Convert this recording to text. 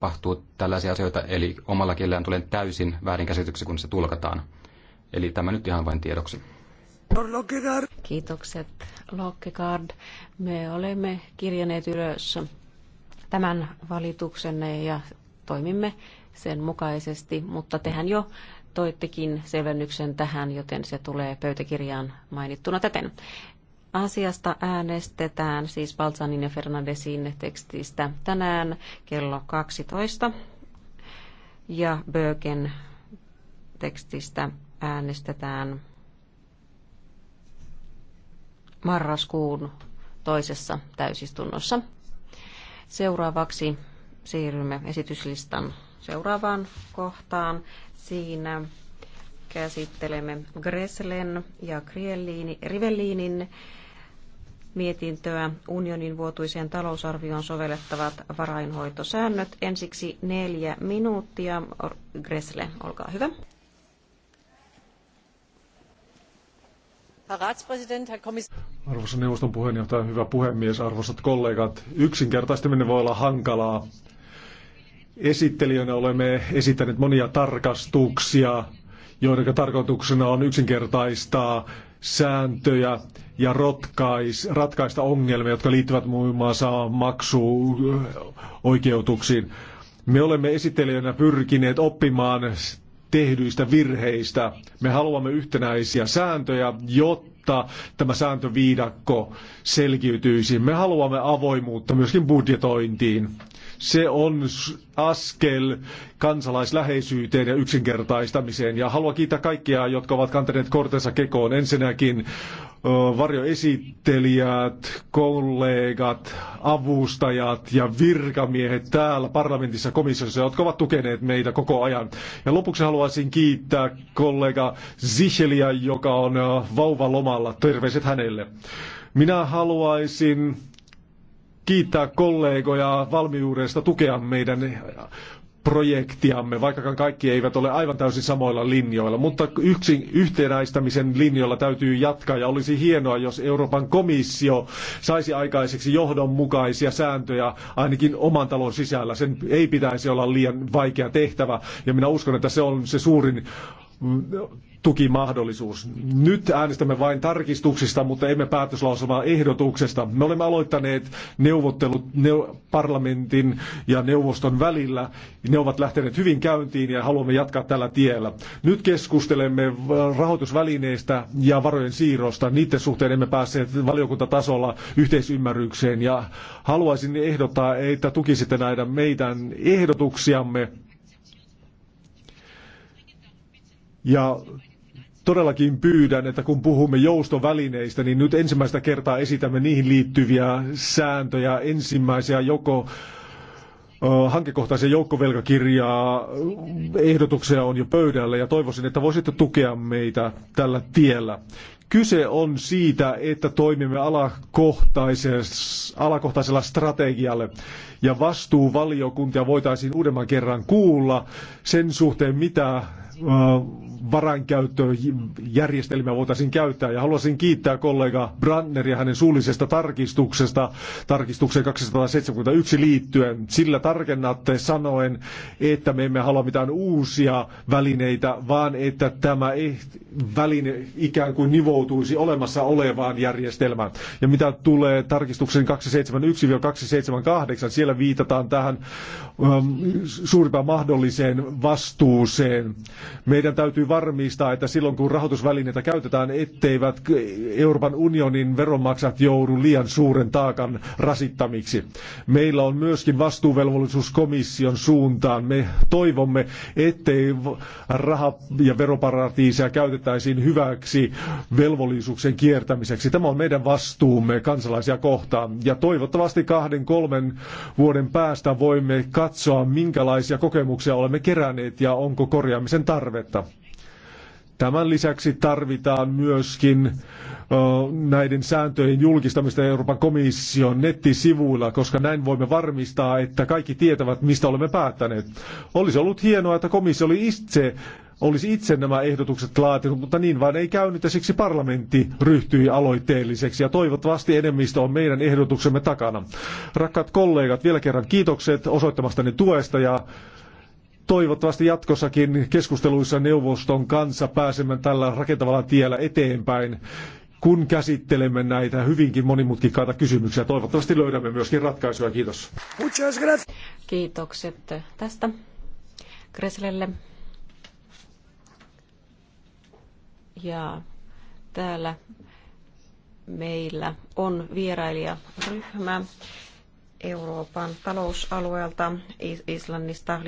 tapahtuu tällaisia asioita, eli omalla kielellään tulee täysin väärinkäsityksi, kun se tulkataan. Eli tämä nyt ihan vain tiedoksi. Kiitokset, Lokkegaard. Me olemme kirjaneet ylös tämän valituksenne ja toimimme sen mukaisesti, mutta tehän jo toittekin selvennyksen tähän, joten se tulee pöytäkirjaan mainittuna täten. Asiasta äänestetään siis Balzanin ja Fernandesin tekstistä tänään kello 12 ja Bögen tekstistä äänestetään marraskuun toisessa täysistunnossa. Seuraavaksi siirrymme esityslistan seuraavaan kohtaan. Siinä käsittelemme Greslen ja Krielliini, Rivellinin mietintöä unionin vuotuiseen talousarvioon sovellettavat varainhoitosäännöt. Ensiksi neljä minuuttia. Gressle, olkaa hyvä. Arvoisa neuvoston puheenjohtaja, hyvä puhemies, arvoisat kollegat. Yksinkertaistaminen voi olla hankalaa. Esittelijöinä olemme esittäneet monia tarkastuksia, joiden tarkoituksena on yksinkertaistaa sääntöjä ja ratkaista ongelmia, jotka liittyvät muun muassa maksuoikeutuksiin. Me olemme esittelijänä pyrkineet oppimaan tehdyistä virheistä. Me haluamme yhtenäisiä sääntöjä, jotta tämä sääntöviidakko selkiytyisi. Me haluamme avoimuutta myöskin budjetointiin. Se on askel kansalaisläheisyyteen ja yksinkertaistamiseen. Ja haluan kiittää kaikkia, jotka ovat kantaneet kortensa kekoon. Ensinnäkin varjoesittelijät, kollegat, avustajat ja virkamiehet täällä parlamentissa komissiossa, jotka ovat tukeneet meitä koko ajan. Ja lopuksi haluaisin kiittää kollega Zichelia, joka on vauvalomalla. Terveiset hänelle. Minä haluaisin kiittää kollegoja valmiudesta tukea meidän projektiamme, vaikkakaan kaikki eivät ole aivan täysin samoilla linjoilla, mutta yksin yhtenäistämisen linjoilla täytyy jatkaa ja olisi hienoa, jos Euroopan komissio saisi aikaiseksi johdonmukaisia sääntöjä ainakin oman talon sisällä. Sen ei pitäisi olla liian vaikea tehtävä ja minä uskon, että se on se suurin tukimahdollisuus. Nyt äänestämme vain tarkistuksista, mutta emme päätöslauselmaa ehdotuksesta. Me olemme aloittaneet neuvottelut parlamentin ja neuvoston välillä. Ne ovat lähteneet hyvin käyntiin ja haluamme jatkaa tällä tiellä. Nyt keskustelemme rahoitusvälineistä ja varojen siirrosta. Niiden suhteen emme päässeet valiokuntatasolla yhteisymmärrykseen ja haluaisin ehdottaa, että tukisitte näitä meidän ehdotuksiamme Ja todellakin pyydän, että kun puhumme joustovälineistä, niin nyt ensimmäistä kertaa esitämme niihin liittyviä sääntöjä, ensimmäisiä joko hankekohtaisen joukkovelkakirjaa ehdotuksia on jo pöydällä ja toivoisin, että voisitte tukea meitä tällä tiellä. Kyse on siitä, että toimimme alakohtaisella strategialle ja vastuuvaliokuntia voitaisiin uudemman kerran kuulla sen suhteen, mitä Äh, varankäyttöjärjestelmiä voitaisiin käyttää. Ja haluaisin kiittää kollega Brandneria hänen suullisesta tarkistuksesta, tarkistukseen 271 liittyen. Sillä tarkennatte sanoen, että me emme halua mitään uusia välineitä, vaan että tämä väline ikään kuin nivoutuisi olemassa olevaan järjestelmään. Ja mitä tulee tarkistuksen 271-278, siellä viitataan tähän ähm, suurimpaan mahdolliseen vastuuseen. Meidän täytyy varmistaa, että silloin kun rahoitusvälineitä käytetään, etteivät Euroopan unionin veronmaksajat joudu liian suuren taakan rasittamiksi. Meillä on myöskin vastuuvelvollisuus komission suuntaan. Me toivomme, ettei raha- ja veroparatiiseja käytettäisiin hyväksi velvollisuuksien kiertämiseksi. Tämä on meidän vastuumme kansalaisia kohtaan. Ja toivottavasti kahden, kolmen vuoden päästä voimme katsoa, minkälaisia kokemuksia olemme keränneet ja onko korjaamisen tarve tarvetta. Tämän lisäksi tarvitaan myöskin näiden sääntöjen julkistamista Euroopan komission nettisivuilla, koska näin voimme varmistaa, että kaikki tietävät, mistä olemme päättäneet. Olisi ollut hienoa, että komissio oli itse olisi itse nämä ehdotukset laatinut, mutta niin vain ei käynyt ja siksi parlamentti ryhtyi aloitteelliseksi ja toivottavasti enemmistö on meidän ehdotuksemme takana. Rakkaat kollegat, vielä kerran kiitokset osoittamastani tuesta ja toivottavasti jatkossakin keskusteluissa neuvoston kanssa pääsemme tällä rakentavalla tiellä eteenpäin, kun käsittelemme näitä hyvinkin monimutkikkaita kysymyksiä. Toivottavasti löydämme myöskin ratkaisuja. Kiitos. Kiitokset tästä Kreslelle. Ja täällä meillä on vierailijaryhmä Euroopan talousalueelta Islannista,